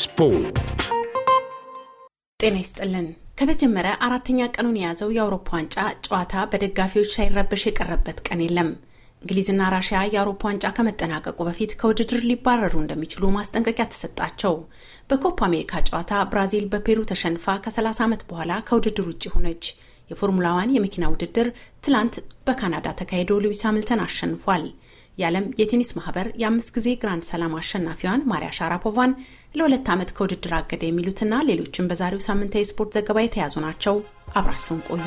ስፖርት ጤና ይስጥልን። ከተጀመረ አራተኛ ቀኑን የያዘው የአውሮፓ ዋንጫ ጨዋታ በደጋፊዎች ሳይረበሽ የቀረበት ቀን የለም። እንግሊዝና ራሽያ የአውሮፓ ዋንጫ ከመጠናቀቁ በፊት ከውድድር ሊባረሩ እንደሚችሉ ማስጠንቀቂያ ተሰጣቸው። በኮፓ አሜሪካ ጨዋታ ብራዚል በፔሩ ተሸንፋ ከ30 ዓመት በኋላ ከውድድር ውጭ ሆነች። የፎርሙላ ዋን የመኪና ውድድር ትላንት በካናዳ ተካሂዶ ሉዊስ ሃሚልተን አሸንፏል። የዓለም የቴኒስ ማህበር የአምስት ጊዜ ግራንድ ሰላም አሸናፊዋን ማሪያ ሻራፖቫን ለሁለት ዓመት ከውድድር አገደ የሚሉትና ሌሎችም በዛሬው ሳምንታዊ የስፖርት ዘገባ የተያዙ ናቸው። አብራችሁን ቆዩ።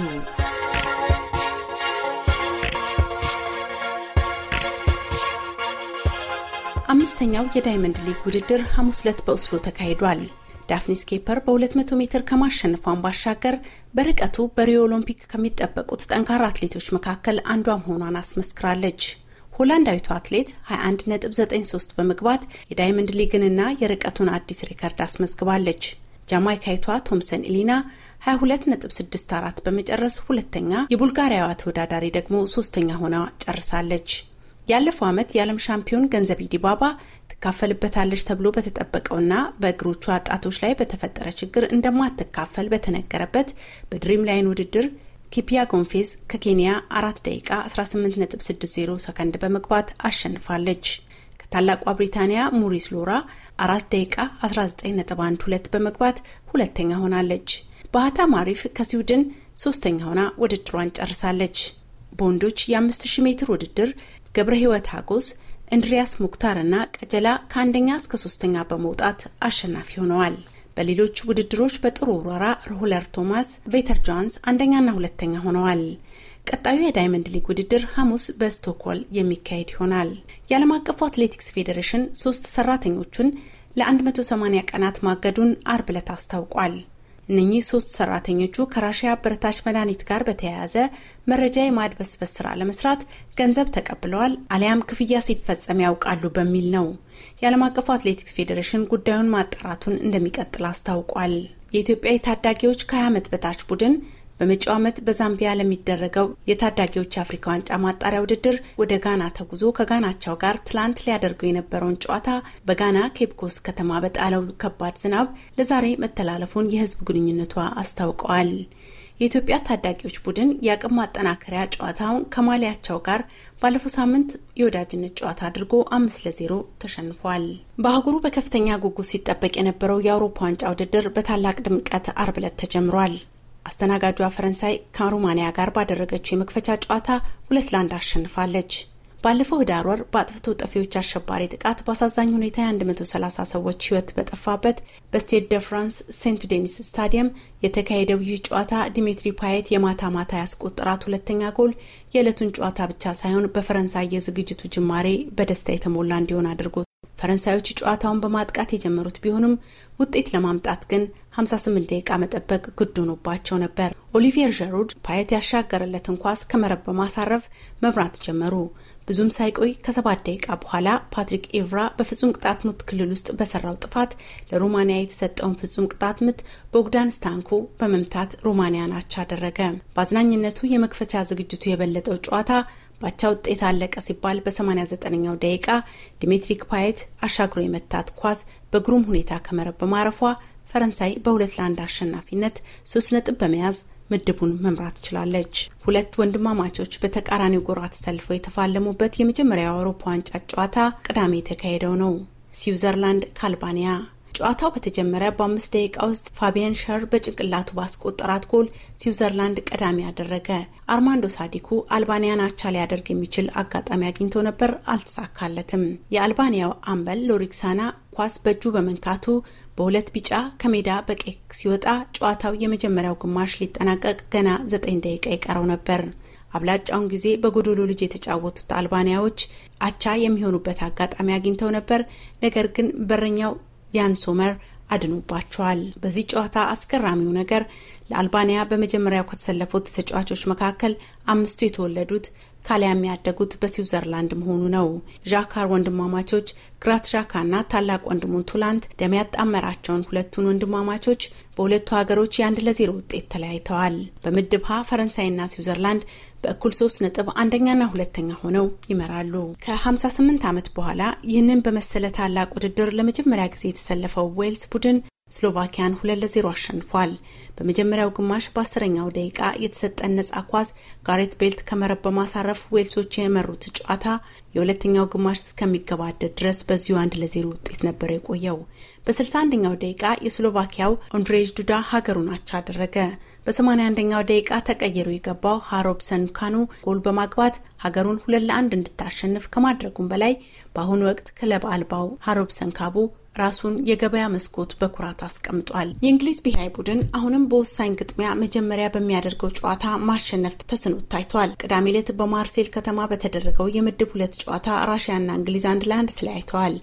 አምስተኛው የዳይመንድ ሊግ ውድድር ሐሙስ ዕለት በኦስሎ ተካሂዷል። ዳፍኒስ ኬፐር በ200 ሜትር ከማሸንፏን ባሻገር በርቀቱ በሪዮ ኦሎምፒክ ከሚጠበቁት ጠንካራ አትሌቶች መካከል አንዷ መሆኗን አስመስክራለች። ሆላንዳዊቷ አትሌት 21.93 በመግባት የዳይመንድ ሊግንና የርቀቱን አዲስ ሪከርድ አስመዝግባለች። ጃማይካዊቷ ቶምሰን ኢሊና 22.64 በመጨረስ ሁለተኛ፣ የቡልጋሪያዋ ተወዳዳሪ ደግሞ ሶስተኛ ሆና ጨርሳለች። ያለፈው ዓመት የዓለም ሻምፒዮን ገንዘቤ ዲባባ ትካፈልበታለች ተብሎ በተጠበቀውና በእግሮቿ ጣቶች ላይ በተፈጠረ ችግር እንደማትካፈል በተነገረበት በድሪም ላይን ውድድር ኪፒያ ጎንፌዝ ከኬንያ 4 ደቂቃ 18.60 ሰከንድ በመግባት አሸንፋለች። ከታላቋ ብሪታንያ ሙሪስ ሎራ 4 ደቂቃ 19.12 በመግባት ሁለተኛ ሆናለች። ባህታ ማሪፍ ከስዊድን ሶስተኛ ሆና ውድድሯን ጨርሳለች። በወንዶች የ5000 ሜትር ውድድር ገብረ ሕይወት አጎስ፣ እንድሪያስ ሙክታር እና ቀጀላ ከአንደኛ እስከ ሶስተኛ በመውጣት አሸናፊ ሆነዋል። በሌሎች ውድድሮች በጥሩ ውረራ ሮለር ቶማስ፣ ቬተር ጆንስ አንደኛና ሁለተኛ ሆነዋል። ቀጣዩ የዳይመንድ ሊግ ውድድር ሐሙስ በስቶክሆልም የሚካሄድ ይሆናል። የዓለም አቀፉ አትሌቲክስ ፌዴሬሽን ሶስት ሰራተኞቹን ለ180 ቀናት ማገዱን አርብ ዕለት አስታውቋል። እነኚህ ሶስት ሰራተኞቹ ከራሽያ አበረታች መድኃኒት ጋር በተያያዘ መረጃ የማድበስበስ ስራ ለመስራት ገንዘብ ተቀብለዋል አሊያም ክፍያ ሲፈጸም ያውቃሉ በሚል ነው። የዓለም አቀፉ አትሌቲክስ ፌዴሬሽን ጉዳዩን ማጣራቱን እንደሚቀጥል አስታውቋል። የኢትዮጵያ የታዳጊዎች ከ20 ዓመት በታች ቡድን በመጪው ዓመት በዛምቢያ ለሚደረገው የታዳጊዎች የአፍሪካ ዋንጫ ማጣሪያ ውድድር ወደ ጋና ተጉዞ ከጋናቸው ጋር ትላንት ሊያደርገው የነበረውን ጨዋታ በጋና ኬፕኮስ ከተማ በጣለው ከባድ ዝናብ ለዛሬ መተላለፉን የህዝብ ግንኙነቷ አስታውቀዋል። የኢትዮጵያ ታዳጊዎች ቡድን የአቅም ማጠናከሪያ ጨዋታውን ከማሊያቸው ጋር ባለፈው ሳምንት የወዳጅነት ጨዋታ አድርጎ አምስት ለዜሮ ተሸንፏል። በአህጉሩ በከፍተኛ ጉጉት ሲጠበቅ የነበረው የአውሮፓ ዋንጫ ውድድር በታላቅ ድምቀት አርብ ዕለት ተጀምሯል። አስተናጋጇ ፈረንሳይ ከሩማንያ ጋር ባደረገችው የመክፈቻ ጨዋታ ሁለት ለአንድ አሸንፋለች። ባለፈው ህዳር ወር በአጥፍቶ ጠፊዎች አሸባሪ ጥቃት በአሳዛኝ ሁኔታ የ130 ሰዎች ህይወት በጠፋበት በስቴት ደ ፍራንስ ሴንት ዴኒስ ስታዲየም የተካሄደው ይህ ጨዋታ ዲሚትሪ ፓየት የማታ ማታ ያስቆጠራት ሁለተኛ ጎል የዕለቱን ጨዋታ ብቻ ሳይሆን በፈረንሳይ የዝግጅቱ ጅማሬ በደስታ የተሞላ እንዲሆን አድርጎ ፈረንሳዮች ጨዋታውን በማጥቃት የጀመሩት ቢሆንም ውጤት ለማምጣት ግን 58 ደቂቃ መጠበቅ ግድ ሆኖባቸው ነበር። ኦሊቪየር ዠሩድ ፓየት ያሻገረለትን ኳስ ከመረብ በማሳረፍ መብራት ጀመሩ። ብዙም ሳይቆይ ከሰባት ደቂቃ በኋላ ፓትሪክ ኢቭራ በፍጹም ቅጣት ምት ክልል ውስጥ በሰራው ጥፋት ለሩማንያ የተሰጠውን ፍጹም ቅጣት ምት ቦግዳን ስታንኩ በመምታት ሩማንያ አቻ አደረገ። በአዝናኝነቱ የመክፈቻ ዝግጅቱ የበለጠው ጨዋታ ባቻ ውጤት አለቀ ሲባል በ89ኛው ደቂቃ ዲሜትሪክ ፓየት አሻግሮ የመታት ኳስ በግሩም ሁኔታ ከመረብ በማረፏ ፈረንሳይ በሁለት ለአንድ አሸናፊነት ሶስት ነጥብ በመያዝ ምድቡን መምራት ችላለች። ሁለት ወንድማማቾች በተቃራኒው ጎራ ተሰልፈው የተፋለሙበት የመጀመሪያው አውሮፓ ዋንጫ ጨዋታ ቅዳሜ የተካሄደው ነው። ስዊዘርላንድ ከአልባንያ ጨዋታው በተጀመረ በአምስት ደቂቃ ውስጥ ፋቢያን ሸር በጭንቅላቱ ባስቆጠራት ጎል ስዊዘርላንድ ቀዳሚ ያደረገ። አርማንዶ ሳዲኩ አልባኒያን አቻ ሊያደርግ የሚችል አጋጣሚ አግኝቶ ነበር፣ አልተሳካለትም። የአልባኒያው አምበል ሎሪክሳና ኳስ በእጁ በመንካቱ በሁለት ቢጫ ከሜዳ በቀይ ሲወጣ ጨዋታው የመጀመሪያው ግማሽ ሊጠናቀቅ ገና ዘጠኝ ደቂቃ ይቀረው ነበር። አብላጫውን ጊዜ በጎዶሎ ልጅ የተጫወቱት አልባኒያዎች አቻ የሚሆኑበት አጋጣሚ አግኝተው ነበር። ነገር ግን በረኛው ያን ሶመር አድኖባቸዋል። በዚህ ጨዋታ አስገራሚው ነገር ለአልባንያ በመጀመሪያው ከተሰለፉት ተጫዋቾች መካከል አምስቱ የተወለዱት ካሊያም ያደጉት በስዊዘርላንድ መሆኑ ነው። ዣካር ወንድማማቾች ግራት ዣካና ታላቅ ወንድሙን ቱላንት ደም ያጣመራቸውን ሁለቱን ወንድማማቾች በሁለቱ ሀገሮች የአንድ ለዜሮ ውጤት ተለያይተዋል። በምድብ ሀ ፈረንሳይና ስዊዘርላንድ በእኩል ሶስት ነጥብ አንደኛና ሁለተኛ ሆነው ይመራሉ። ከ58 ዓመት በኋላ ይህንን በመሰለ ታላቅ ውድድር ለመጀመሪያ ጊዜ የተሰለፈው ዌልስ ቡድን ስሎቫኪያን ሁለት ለዜሮ አሸንፏል። በመጀመሪያው ግማሽ በአስረኛው ደቂቃ የተሰጠን ነጻ ኳስ ጋሬት ቤልት ከመረብ በማሳረፍ ዌልሶች የመሩት ጨዋታ የሁለተኛው ግማሽ እስከሚገባደድ ድረስ በዚሁ አንድ ለዜሮ ውጤት ነበር የቆየው። በ61ኛው ደቂቃ የስሎቫኪያው ኦንድሬጅ ዱዳ ሀገሩን አቻ አደረገ። በ81ኛው ደቂቃ ተቀይሮ የገባው ሃሮብሰን ካኑ ጎል በማግባት ሀገሩን ሁለት ለአንድ እንድታሸንፍ ከማድረጉም በላይ በአሁኑ ወቅት ክለብ አልባው ሃሮብሰን ካቡ ራሱን የገበያ መስኮት በኩራት አስቀምጧል። የእንግሊዝ ብሔራዊ ቡድን አሁንም በወሳኝ ግጥሚያ መጀመሪያ በሚያደርገው ጨዋታ ማሸነፍ ተስኖት ታይቷል። ቅዳሜ ዕለት በማርሴል ከተማ በተደረገው የምድብ ሁለት ጨዋታ ራሽያና እንግሊዝ አንድ ለአንድ ተለያይተዋል።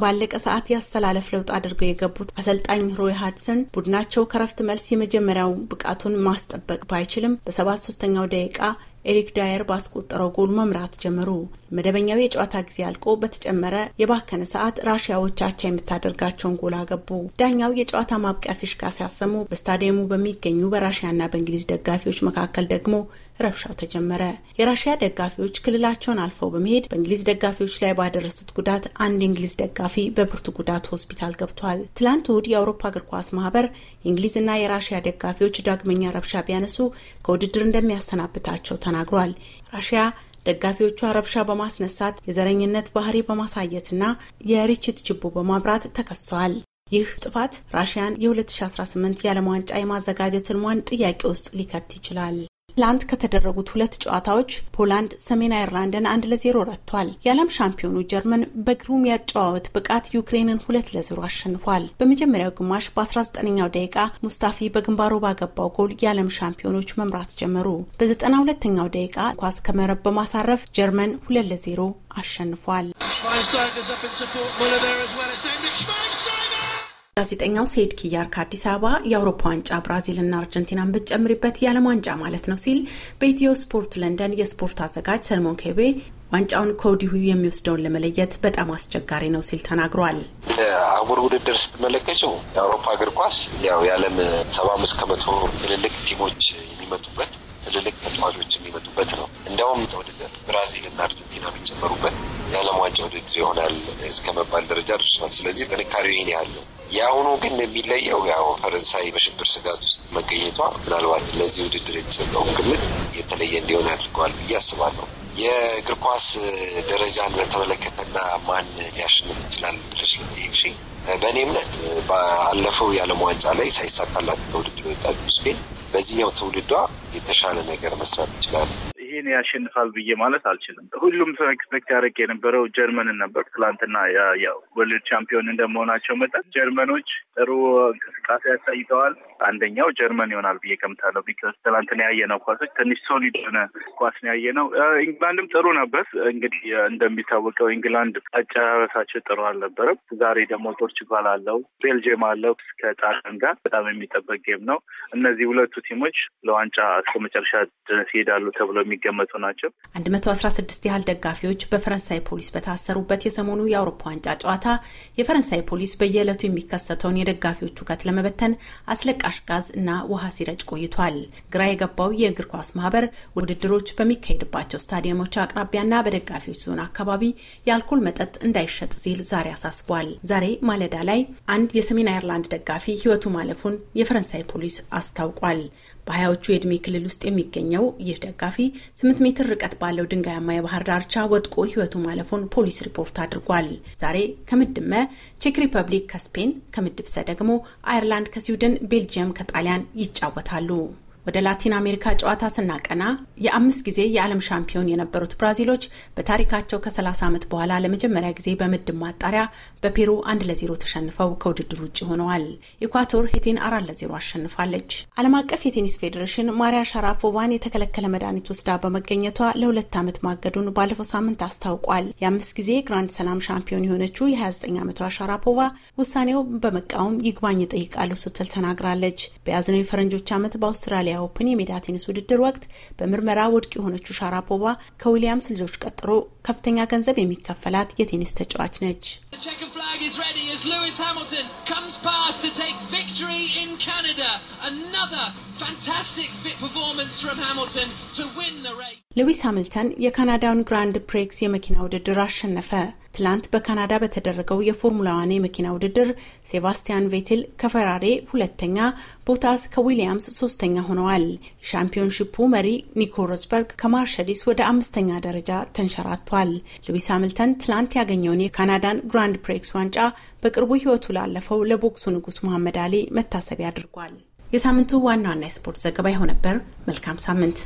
ባለቀ ሰዓት ያሰላለፍ ለውጥ አድርገው የገቡት አሰልጣኝ ሮይ ሀድሰን ቡድናቸው ከረፍት መልስ የመጀመሪያው ብቃቱን ማስጠበቅ ባይችልም በሰባት ሶስተኛው ደቂቃ ኤሪክ ዳየር ባስቆጠረው ጎል መምራት ጀመሩ። መደበኛው የጨዋታ ጊዜ አልቆ በተጨመረ የባከነ ሰዓት ራሽያዎች አቻ የምታደርጋቸውን ጎል አገቡ። ዳኛው የጨዋታ ማብቂያ ፊሽካ ሲያሰሙ በስታዲየሙ በሚገኙ በራሽያና በእንግሊዝ ደጋፊዎች መካከል ደግሞ ረብሻው ተጀመረ። የራሽያ ደጋፊዎች ክልላቸውን አልፈው በመሄድ በእንግሊዝ ደጋፊዎች ላይ ባደረሱት ጉዳት አንድ የእንግሊዝ ደጋፊ በብርቱ ጉዳት ሆስፒታል ገብቷል። ትላንት እሁድ የአውሮፓ እግር ኳስ ማህበር የእንግሊዝና የራሽያ ደጋፊዎች ዳግመኛ ረብሻ ቢያነሱ ከውድድር እንደሚያሰናብታቸው ተናግሯል። ራሽያ ደጋፊዎቿ ረብሻ በማስነሳት የዘረኝነት ባህሪ በማሳየትና የርችት ችቦ በማብራት ተከሰዋል። ይህ ጥፋት ራሽያን የ2018 የዓለም ዋንጫ የማዘጋጀት ሕልሟን ጥያቄ ውስጥ ሊከት ይችላል። ትላንት ከተደረጉት ሁለት ጨዋታዎች ፖላንድ ሰሜን አይርላንድን አንድ ለዜሮ ረቷል። የዓለም ሻምፒዮኑ ጀርመን በግሩም ያጨዋወት ብቃት ዩክሬንን ሁለት ለዜሮ አሸንፏል። በመጀመሪያው ግማሽ በ19ኛው ደቂቃ ሙስታፊ በግንባሩ ባገባው ጎል የዓለም ሻምፒዮኖች መምራት ጀመሩ። በ92ኛው ደቂቃ ኳስ ከመረብ በማሳረፍ ጀርመን ሁለት ለዜሮ አሸንፏል። ጋዜጠኛው ሴድ ኪያር ከአዲስ አበባ የአውሮፓ ዋንጫ ብራዚልና አርጀንቲናን ብትጨምሪበት የዓለም ዋንጫ ማለት ነው ሲል በኢትዮ ስፖርት ለንደን የስፖርት አዘጋጅ ሰልሞን ኬቤ ዋንጫውን ከወዲሁ የሚወስደውን ለመለየት በጣም አስቸጋሪ ነው ሲል ተናግሯል። አህጉር ውድድር ስትመለከችው የአውሮፓ እግር ኳስ ያው የዓለም ሰባ አምስት ከመቶ ትልልቅ ቲሞች የሚመጡበት ትልልቅ ተጫዋቾች የሚመጡበት ነው። እንዲያውም ተወድደ ብራዚልና አርጀንቲና የሚጨመሩበት የዓለም ዋንጫ ውድድር ይሆናል እስከ መባል ደረጃ ደርሷል። ስለዚህ ጥንካሬው ይህን ያህል ነው። የአሁኑ ግን የሚለየው ያው ፈረንሳይ በሽብር ስጋት ውስጥ መገኘቷ ምናልባት ለዚህ ውድድር የተሰጠውን ግምት የተለየ እንዲሆን ያደርገዋል ብዬ አስባለሁ። የእግር ኳስ ደረጃን በተመለከተና ማን ሊያሸንፍ ይችላል ብለሽ ልትይሽ በእኔ እምነት ባለፈው የዓለም ዋንጫ ላይ ሳይሳካላት ከውድድር የወጣችው ስፔን በዚህኛው ትውልዷ የተሻለ ነገር መስራት ይችላል ይሄን ያሸንፋል ብዬ ማለት አልችልም። ሁሉም ሰው ኤክስፔክት ያደረግ የነበረው ጀርመንን ነበር። ትላንትና ወርልድ ቻምፒዮን እንደመሆናቸው መጠን ጀርመኖች ጥሩ እንቅስቃሴ ያሳይተዋል። አንደኛው ጀርመን ይሆናል ብዬ ገምታለሁ። ቢካስ ትላንትና ያየነው ኳሶች ትንሽ ሶሊድ ሆነ ኳስ ነው ያየነው። ኢንግላንድም ጥሩ ነበር። እንግዲህ እንደሚታወቀው ኢንግላንድ አጨራረሳቸው ጥሩ አልነበረም። ዛሬ ደግሞ ፖርቹጋል አለው፣ ቤልጅየም አለው ከጣሊያን ጋር በጣም የሚጠበቅ ጌም ነው። እነዚህ ሁለቱ ቲሞች ለዋንጫ እስከ መጨረሻ ድረስ ይሄዳሉ ተብሎ የሚገ የሚገመቱ ናቸው። 116 ያህል ደጋፊዎች በፈረንሳይ ፖሊስ በታሰሩበት የሰሞኑ የአውሮፓ ዋንጫ ጨዋታ የፈረንሳይ ፖሊስ በየዕለቱ የሚከሰተውን የደጋፊዎች ሁከት ለመበተን አስለቃሽ ጋዝ እና ውሃ ሲረጭ ቆይቷል። ግራ የገባው የእግር ኳስ ማህበር ውድድሮች በሚካሄድባቸው ስታዲየሞች አቅራቢያና በደጋፊዎች ዞን አካባቢ የአልኮል መጠጥ እንዳይሸጥ ሲል ዛሬ አሳስቧል። ዛሬ ማለዳ ላይ አንድ የሰሜን አየርላንድ ደጋፊ ህይወቱ ማለፉን የፈረንሳይ ፖሊስ አስታውቋል። በሀያዎቹ የዕድሜ ክልል ውስጥ የሚገኘው ይህ ደጋፊ ስምንት ሜትር ርቀት ባለው ድንጋያማ የባህር ዳርቻ ወድቆ ህይወቱ ማለፉን ፖሊስ ሪፖርት አድርጓል። ዛሬ ከምድመ ቼክ ሪፐብሊክ ከስፔን፣ ከምድብሰ ደግሞ አየርላንድ ከስዊድን፣ ቤልጅየም ከጣሊያን ይጫወታሉ። ወደ ላቲን አሜሪካ ጨዋታ ስናቀና የአምስት ጊዜ የዓለም ሻምፒዮን የነበሩት ብራዚሎች በታሪካቸው ከ30 ዓመት በኋላ ለመጀመሪያ ጊዜ በምድብ ማጣሪያ በፔሩ አንድ ለዜሮ ተሸንፈው ከውድድር ውጭ ሆነዋል። ኢኳቶር ሄቲን አራት ለዜሮ አሸንፋለች። ዓለም አቀፍ የቴኒስ ፌዴሬሽን ማሪያ ሻራፖቫን የተከለከለ መድኃኒት ወስዳ በመገኘቷ ለሁለት ዓመት ማገዱን ባለፈው ሳምንት አስታውቋል። የአምስት ጊዜ ግራንድ ሰላም ሻምፒዮን የሆነችው የ29 ዓመቷ ሻራፖቫ ውሳኔው በመቃወም ይግባኝ ጠይቃሉ ስትል ተናግራለች። በያዝነው የፈረንጆች ዓመት በአውስትራሊያ ኦፕን የሜዳ ቴኒስ ውድድር ወቅት በምርመራ ውድቅ የሆነችው ሻራፖቫ ከዊሊያምስ ልጆች ቀጥሮ ከፍተኛ ገንዘብ የሚከፈላት የቴኒስ ተጫዋች ነች። flag is ready as Lewis Hamilton comes past to take victory in Canada. Another fantastic fit performance from Hamilton to win the race. ሉዊስ ሃሚልተን የካናዳውን ግራንድ ፕሪክስ የመኪና ውድድር አሸነፈ። ትላንት በካናዳ በተደረገው የፎርሙላ ዋን የመኪና ውድድር ሴባስቲያን ቬትል ከፈራሬ ሁለተኛ፣ ቦታስ ከዊሊያምስ ሶስተኛ ሆነዋል። የሻምፒዮንሺፑ መሪ ኒኮ ሮዝበርግ ከማርሸዲስ ወደ አምስተኛ ደረጃ ተንሸራቷል። ሉዊስ ሃምልተን ትላንት ያገኘውን የካናዳን ግራንድ ፕሬክስ ዋንጫ በቅርቡ ህይወቱ ላለፈው ለቦክሱ ንጉስ መሐመድ አሊ መታሰቢያ አድርጓል። የሳምንቱ ዋና ዋና የስፖርት ዘገባ ይሆ ነበር። መልካም ሳምንት።